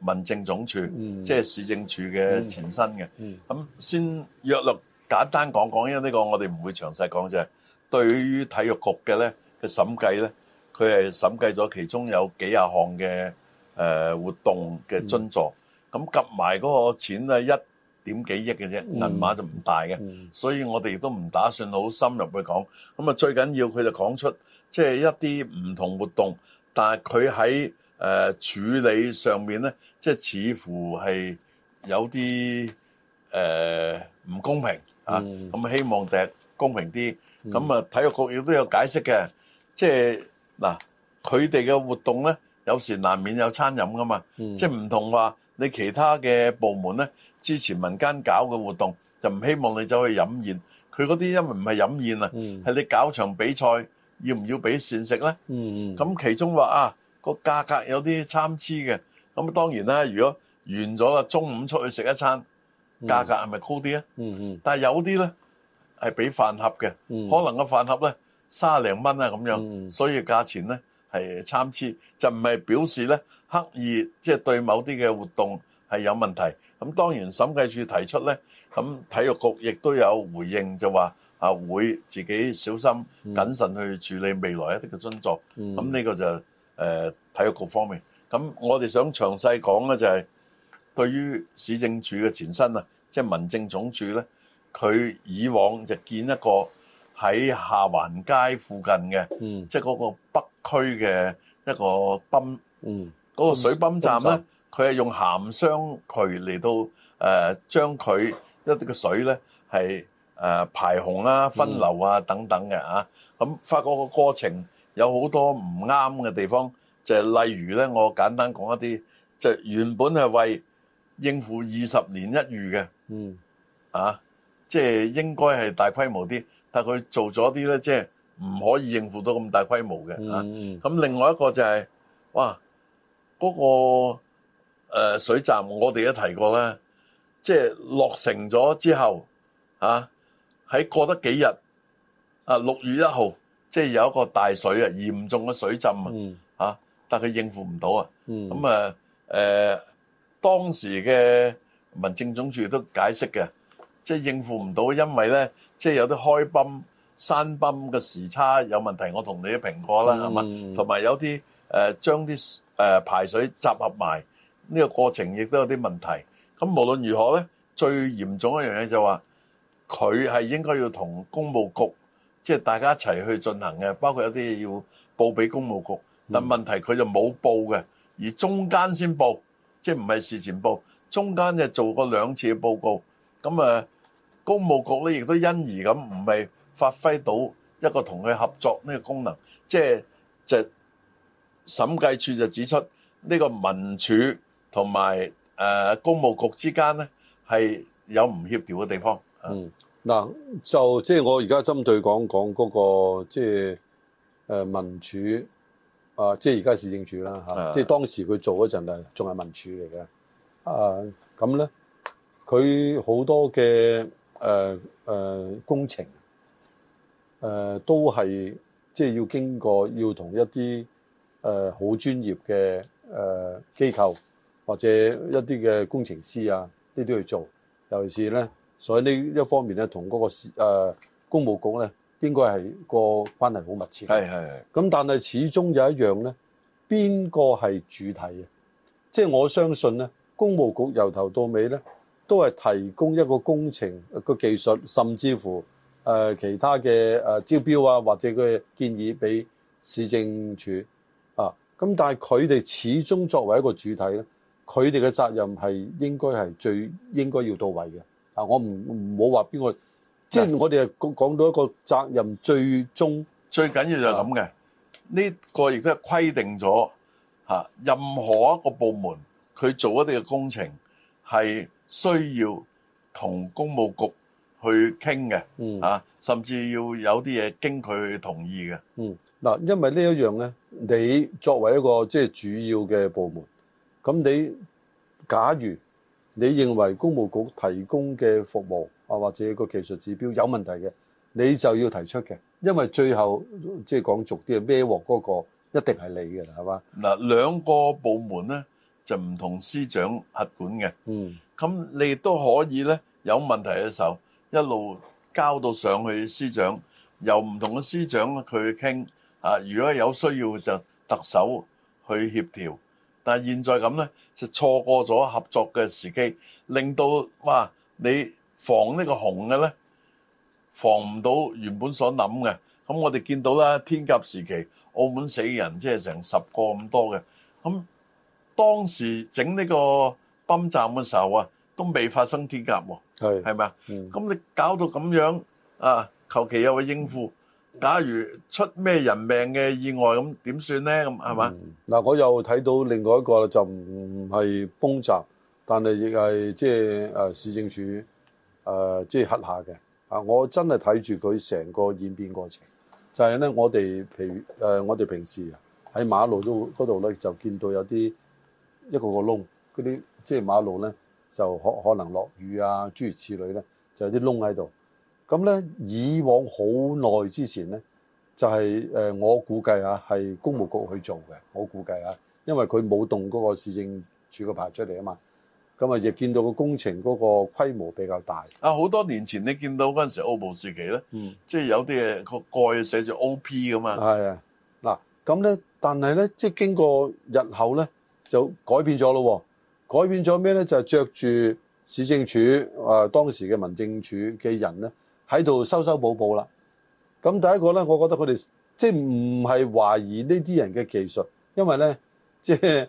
民政總署，嗯、即係市政署嘅前身嘅，咁、嗯嗯、先約略簡單講講，因為呢個我哋唔會詳細講就係、是、對於體育局嘅咧嘅審計咧，佢係審計咗其中有幾廿項嘅誒活動嘅津助，咁及埋嗰個錢啊一點幾億嘅啫，銀碼就唔大嘅，嗯嗯、所以我哋亦都唔打算好深入去講。咁啊，最緊要佢就講出即係、就是、一啲唔同活動，但係佢喺。誒、呃、處理上面咧，即係似乎係有啲誒唔公平嚇，咁、啊嗯、希望第日公平啲。咁啊、嗯，體育局亦都有解釋嘅，即係嗱，佢哋嘅活動咧，有時難免有餐飲噶嘛，嗯、即係唔同話你其他嘅部門咧，之前民間搞嘅活動就唔希望你走去飲宴，佢嗰啲因為唔係飲宴啊，係、嗯、你搞場比賽，要唔要俾膳食咧？咁、嗯、其中話啊～個價格有啲參差嘅，咁當然啦。如果完咗啦，中午出去食一餐，價格係咪高啲啊、嗯？嗯嗯。但係有啲咧係俾飯盒嘅，嗯、可能個飯盒咧三廿零蚊啊咁樣，嗯、所以價錢咧係參差，就唔係表示咧刻意即係、就是、對某啲嘅活動係有問題。咁當然審計署提出咧，咁體育局亦都有回應就，就話啊會自己小心謹慎去處理未來一啲嘅捐助。咁呢個就。嗯嗯。誒、呃、體育局方面，咁我哋想詳細講咧，就係對於市政署嘅前身啊，即、就、係、是、民政總署咧，佢以往就建一個喺下環街附近嘅，即係嗰個北區嘅一個泵，嗰、嗯、個水泵站咧，佢係用鹹箱渠嚟到誒將佢一啲嘅水咧係誒排洪啊、分流啊、嗯、等等嘅啊，咁發覺嗰個過程。有好多唔啱嘅地方，就係例如咧，我簡單講一啲，就原本係為應付二十年一遇嘅，嗯啊，即係應該係大規模啲，但佢做咗啲咧，即係唔可以應付到咁大規模嘅嗯啊。咁另外一個就係哇，嗰個誒水站，我哋都提過咧，即係落成咗之後啊，喺過得幾日啊，六月一號。即係有一個大水啊，嚴重嘅水浸啊，嚇、嗯啊！但係佢應付唔到啊，咁、嗯、啊，誒、呃、當時嘅民政總署也都解釋嘅，即係應付唔到，因為咧，即係有啲開泵、山泵嘅時差有問題，我同你評過啦，係嘛、嗯，同埋有啲誒、呃、將啲誒、呃、排水集合埋呢個過程亦都有啲問題。咁、啊、無論如何咧，最嚴重嘅一樣嘢就話佢係應該要同公務局。即係大家一齊去進行嘅，包括有啲嘢要報俾公務局，但問題佢就冇報嘅，而中間先報，即係唔係事前報，中間就做過兩次嘅報告。咁啊，公務局咧亦都因而咁唔係發揮到一個同佢合作呢個功能，即係就審計署就指出呢個民署同埋誒公務局之間咧係有唔協調嘅地方。嗯。嗱，就即係我而家針對講講嗰，那個即係誒、呃、民署啊，即係而家市政署啦嚇，即係當時佢做嗰陣咧，仲係民署嚟嘅。啊，咁咧的，佢好，啊、多嘅誒誒工程誒，呃、都係即係要經過要同一啲誒好專業嘅誒，呃、機構或者一啲嘅工程師啊呢啲去做，尤其是咧。所以呢一方面咧、那個，同嗰個誒公務局咧，應該係個關係好密切。係係係咁但係始終有一樣咧，邊個係主體，啊？即係我相信咧，公務局由頭到尾咧，都係提供一個工程個技術，甚至乎誒、呃、其他嘅誒、呃、招標啊，或者佢嘅建議俾市政署啊。咁但係佢哋始終作為一個主體咧，佢哋嘅責任係應該係最應該要到位嘅。啊！我唔唔好話邊個，即係我哋啊，講講到一個責任，最終最緊要就係咁嘅。呢個亦都係規定咗吓，任何一個部門佢做一啲嘅工程，係需要同公務局去傾嘅，嗯啊，甚至要有啲嘢經佢同意嘅。嗯，嗱，因為呢一樣咧，你作為一個即係主要嘅部門，咁你假如。你認為公務局提供嘅服務啊，或者個技術指標有問題嘅，你就要提出嘅，因為最後即係講俗啲嘅孭鑊嗰個一定係你嘅啦，係嘛？嗱，兩個部門咧就唔同司長轄管嘅，嗯，咁你亦都可以咧有問題嘅時候一路交到上去司長，由唔同嘅司長去傾啊，如果係有需要就特首去協調。但係現在咁咧，就錯過咗合作嘅時機，令到哇你防呢個洪嘅咧，防唔到原本所諗嘅。咁我哋見到啦，天鴿時期，澳門死人即係成十個咁多嘅。咁當時整呢個泵站嘅時候啊，都未發生天鴿喎，係咪啊？咁你搞到咁樣啊？求其有個應付。假如出咩人命嘅意外咁點算咧？咁係嘛？嗱，嗯、我又睇到另外一個就唔係崩塌，但係亦係即係市政署即係黑下嘅。啊，我真係睇住佢成個演變過程。就係、是、咧，我哋譬如誒我哋平時喺馬路都嗰度咧，就見到有啲一個個窿，嗰啲即係馬路咧就可可能落雨啊，諸如此類咧，就有啲窿喺度。咁咧，以往好耐之前咧，就係、是、誒、呃，我估計啊，係公務局去做嘅。我估計啊，因為佢冇動嗰個市政署個牌出嚟啊嘛。咁啊，亦見到個工程嗰個規模比較大。啊，好多年前你見到嗰陣時，澳葡時期呢，澳葡時期咧，嗯，即係有啲嘢個蓋寫住 O P 咁啊。啊，嗱，咁咧，但係咧，即係經過日後咧，就改變咗咯、哦。改變咗咩咧？就係、是、着住市政署啊、呃，當時嘅民政署嘅人咧。喺度修修補補啦，咁第一個咧，我覺得佢哋即係唔係懷疑呢啲人嘅技術，因為咧，即係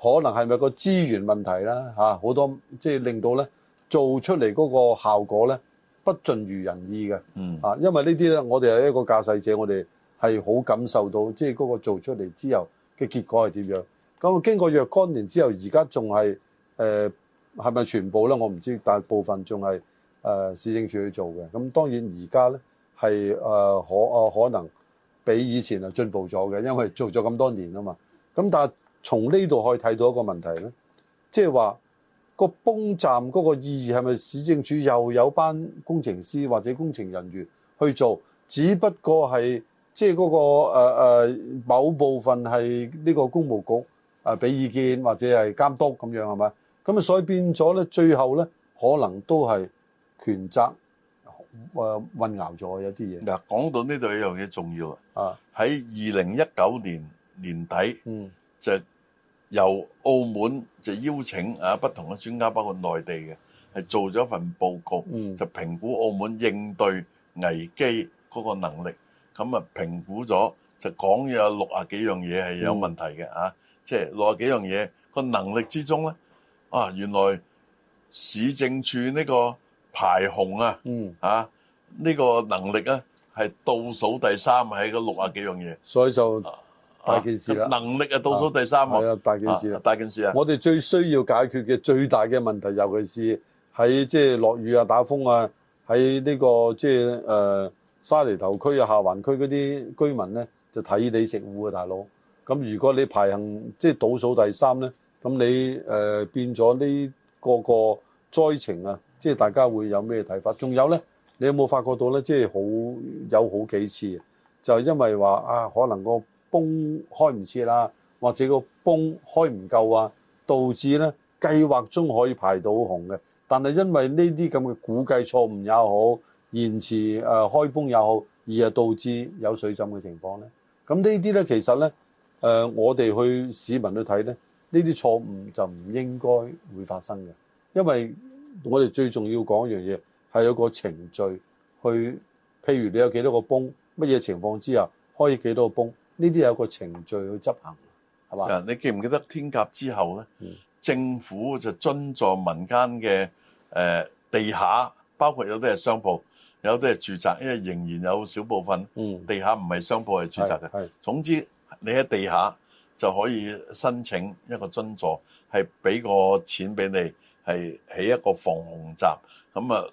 可能係咪個資源問題啦吓，好多即係令到咧做出嚟嗰個效果咧不盡如人意嘅，嗯啊，因為呢啲咧，我哋係一個駕駛者，我哋係好感受到即係嗰個做出嚟之後嘅結果係點樣。咁啊，經過若干年之後，而家仲係誒係咪全部咧？我唔知，大部分仲係。誒，市政署去做嘅，咁當然而家呢，係誒、啊、可、啊、可能比以前係進步咗嘅，因為做咗咁多年啊嘛。咁但係從呢度可以睇到一個問題呢，即係話個泵站嗰個意義係咪市政署又有班工程師或者工程人員去做，只不過係即係嗰個誒、啊啊、某部分係呢個公務局啊俾意見或者係監督咁樣係咪？咁啊，所以變咗呢，最後呢可能都係。權責混淆咗有啲嘢嗱，講到呢度有一樣嘢重要啊。喺二零一九年年底就由澳門就邀請啊不同嘅專家，包括內地嘅，係做咗一份報告，就評估澳門應對危機嗰個能力。咁啊，評估咗就講有六啊幾樣嘢係有問題嘅啊，即係六啊幾樣嘢個能力之中咧啊,啊，原來市政署呢、這個。排洪啊，嚇呢、嗯啊這個能力啊，係倒數第三喺個六啊幾樣嘢，所以就大件事啦。啊、能力啊，倒數第三、啊，係啊，啊，大件事、啊，大件事啊！我哋最需要解決嘅最大嘅問題，尤其是喺即係落雨啊、打風啊，喺呢、這個即係、就是呃、沙梨頭區啊、下環區嗰啲居民咧，就睇你食糊啊，大佬。咁如果你排行即係、就是、倒數第三咧，咁你誒、呃、變咗呢、這個個災情啊！即係大家會有咩睇法？仲有咧，你有冇發覺到咧？即係好有好幾次，就係因為話啊，可能個泵開唔切啦，或者個泵開唔夠啊，導致咧，計劃中可以排到洪嘅，但係因為呢啲咁嘅估計錯誤也好，延遲誒開泵也好，而係導致有水浸嘅情況咧。咁呢啲咧，其實咧誒，我哋去市民去睇咧，呢啲錯誤就唔應該會發生嘅，因為。我哋最重要講一樣嘢，係有個程序去，譬如你有幾多個泵，乜嘢情況之下開幾多個泵，呢啲有個程序去執行，係嘛？嗱，你記唔記得天甲之後咧？嗯、政府就津助民間嘅誒地下，包括有啲係商鋪，有啲係住宅，因為仍然有少部分地下唔係商鋪係住宅嘅。係總之你喺地下就可以申請一個津助，係俾個錢俾你。係起一個防洪閘咁啊！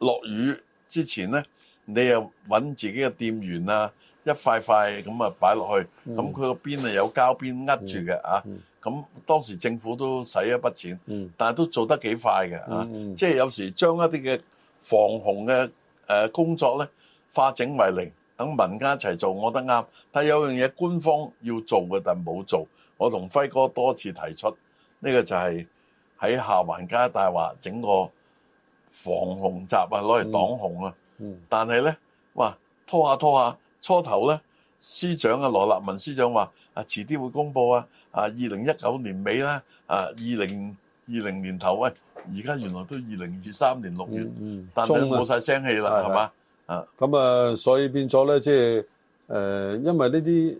落雨之前咧，你又揾自己嘅店員啊，一塊塊咁啊擺落去。咁佢個邊啊有膠邊呃住嘅、嗯嗯、啊。咁當時政府都使一筆錢，嗯、但係都做得幾快嘅啊。即係、嗯嗯、有時將一啲嘅防洪嘅誒工作咧化整為零，等民間一齊做，我覺得啱。但係有樣嘢官方要做嘅，但係冇做。我同輝哥多次提出呢、呢個就係、係。喺下環街大華整個防洪閘啊，攞嚟擋洪啊！嗯嗯、但係咧，哇拖下、啊、拖下、啊，初頭咧，司長啊羅立文司長話啊，遲啲會公佈啊！啊，二零一九年尾啦，啊，二零二零年頭喂，而家原來都二零二三年六月，嗯嗯、但都都冇晒聲氣啦，係嘛啊？咁啊吧，所以變咗咧，即係誒，因為呢啲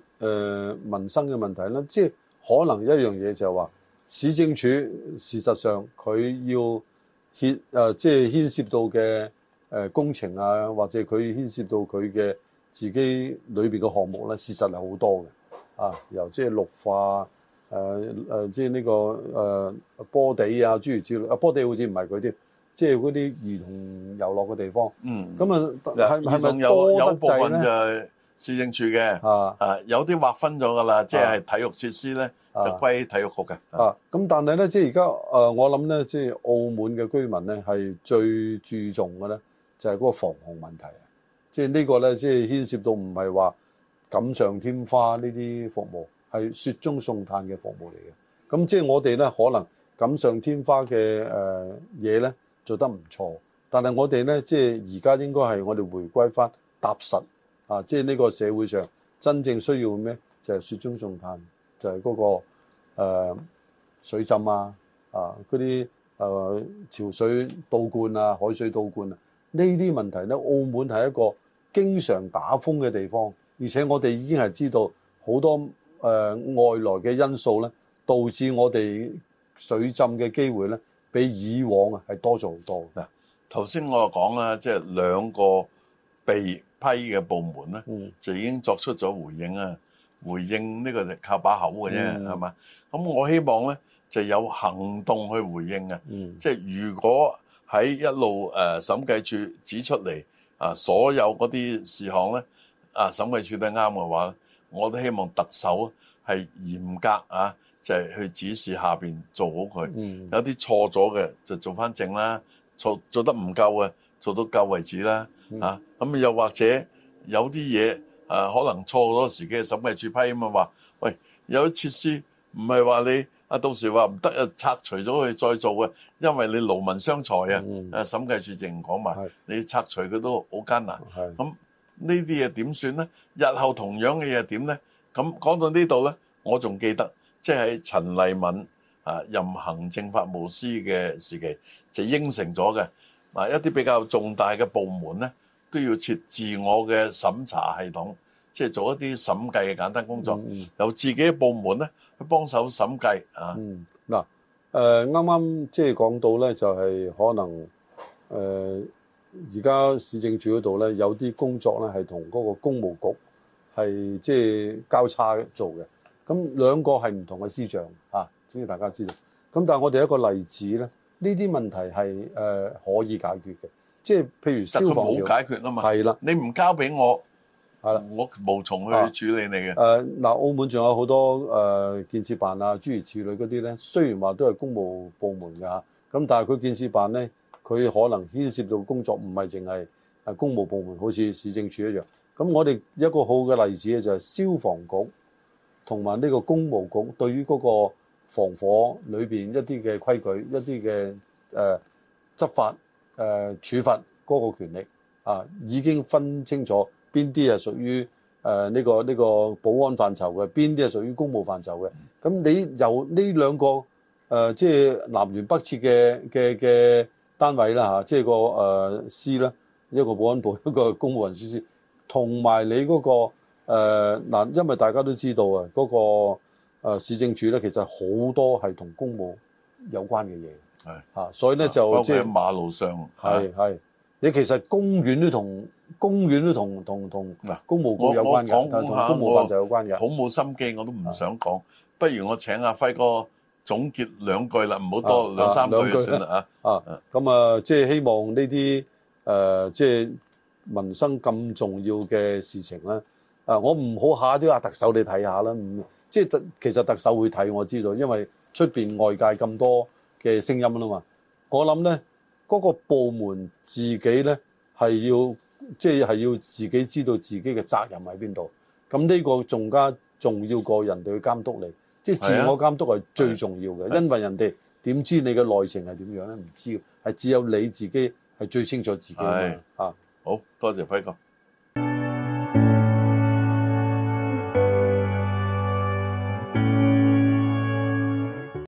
誒民生嘅問題咧，即、就、係、是、可能一樣嘢就係話。市政署事實上佢要牽、呃、即係牽涉到嘅誒、呃、工程啊，或者佢牽涉到佢嘅自己裏面嘅項目咧，事實係好多嘅啊，由即係綠化誒、呃、即係呢、這個誒、呃、波地啊諸如此類啊，波地好似唔係佢啲，即係嗰啲兒童遊樂嘅地方。嗯，咁啊係係咪多得滯咧、有部分就係？市政處嘅啊，啊有啲劃分咗噶啦，即係體育設施咧、啊、就歸體育局嘅啊。咁但係咧，即係而家誒，我諗咧，即係澳門嘅居民咧，係最注重嘅咧，就係嗰個防洪問題啊。即係呢個咧，即係牽涉到唔係話錦上添花呢啲服務，係雪中送炭嘅服務嚟嘅。咁即係我哋咧，可能錦上添花嘅誒嘢咧做得唔錯，但係我哋咧，即係而家應該係我哋回歸翻踏實。啊！即係呢個社會上真正需要咩？就係、是、雪中送炭，就係、是、嗰、那個、呃、水浸啊！啊，嗰啲誒潮水倒灌啊，海水倒灌啊！呢啲問題咧，澳門係一個經常打風嘅地方，而且我哋已經係知道好多誒、呃、外來嘅因素咧，導致我哋水浸嘅機會咧，比以往係多咗好多㗎。頭先我講啦，即、就、係、是、兩個被批嘅部門咧，就已經作出咗回應啊！回應呢個就靠把口嘅啫，係嘛、mm.？咁我希望咧就有行動去回應啊！即係、mm. 如果喺一路誒審計處指出嚟啊，所有嗰啲事項咧啊，審計處都啱嘅話，我都希望特首係嚴格啊，就係、是、去指示下邊做好佢。Mm. 有啲錯咗嘅就做翻正啦，做做得唔夠嘅做到夠為止啦。嗯、啊，咁又或者有啲嘢啊，可能錯咗時機，審計處批啊嘛，話喂有啲設施唔係話你啊，到時話唔得啊，拆除咗佢再做嘅，因為你勞民傷財啊，啊、嗯、審計處直情講埋，是你拆除佢都好艱難。咁是、啊、呢啲嘢點算咧？日後同樣嘅嘢點咧？咁、啊、講到呢度咧，我仲記得即係、喺、陳麗敏啊任行政法務司嘅時期就應承咗嘅。一啲比較重大嘅部門咧，都要設自我嘅審查系統，即係做一啲審計嘅簡單工作，嗯、由自己嘅部門咧去幫手審計啊！嗱、嗯，啱啱即係講到咧，就係、是、可能誒而家市政處嗰度咧，有啲工作咧係同嗰個公務局係即係交叉做嘅，咁兩個係唔同嘅司長嚇，呢啲、啊、大家知道。咁但係我哋一個例子咧。呢啲問題係誒、呃、可以解決嘅，即係譬如消防冇解決啊嘛，係啦的，你唔交俾我，係啦的，我無從去處理你嘅。誒嗱、呃呃呃，澳門仲有好多誒、呃、建設辦啊，諸如此類嗰啲咧，雖然話都係公務部門㗎，咁但係佢建設辦咧，佢可能牽涉到工作唔係淨係公務部門，好似市政處一樣。咁我哋一個好嘅例子咧，就係消防局同埋呢個公務局對於嗰、那個。防火裏面一啲嘅規矩、一啲嘅、呃、執法、誒、呃、處罰嗰個權力啊，已經分清楚邊啲係屬於誒呢、呃這個呢、這個、保安範疇嘅，邊啲係屬於公務範疇嘅。咁你由呢兩個、呃、即係南轅北轍嘅嘅嘅單位啦嚇、啊，即係、那個司啦、呃，一個保安部，一個公務員書同埋你嗰、那個嗱、呃，因為大家都知道啊，嗰、那個。誒市政署咧，其實好多係同公務有關嘅嘢，係嚇，所以咧就即係馬路上，係係你其實公園都同公園都同同同嗱公務局有關嘅，同公務局就有關嘅。好冇心機，我都唔想講，不如我請阿輝哥總結兩句啦，唔好多兩三句算啦嚇。啊，咁啊，即係希望呢啲誒即係民生咁重要嘅事情咧。啊！我唔好下啲阿特首你睇下啦，唔，即係特其實特首會睇我知道，因為出邊外界咁多嘅聲音啦嘛。我諗咧，嗰、嗰個部門自己咧係要即係係要自己知道自己嘅責任喺邊度。咁呢個仲加重要過人哋去監督你，即係自我監督係最重要嘅，啊、因為人哋點知你嘅內情係點樣咧？唔知，係只有你自己係最清楚自己嘅是啊！好多謝輝哥。